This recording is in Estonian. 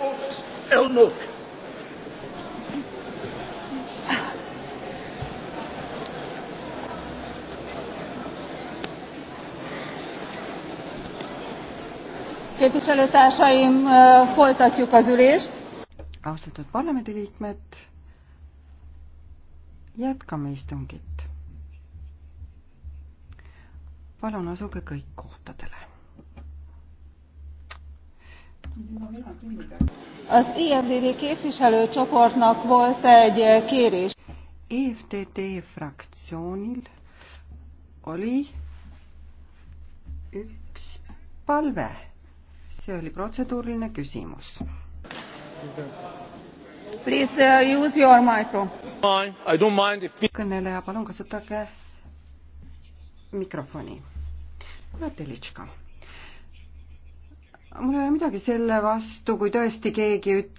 of Elmok. Képviselőtársaim, folytatjuk az ülést. Austatud parlamendiliikmed, jätkame istungit. palun asuge kõik kohtadele. Az IFDD képviselőcsoportnak volt egy kérés. EFTD fraktsioonil oli üks palve. see oli protseduuriline küsimus. Please uh, use your micro. I don't mind if... kõneleja, palun kasutage mikrofoni. Vatelitška mul ei ole midagi selle vastu, kui tõesti keegi üt-,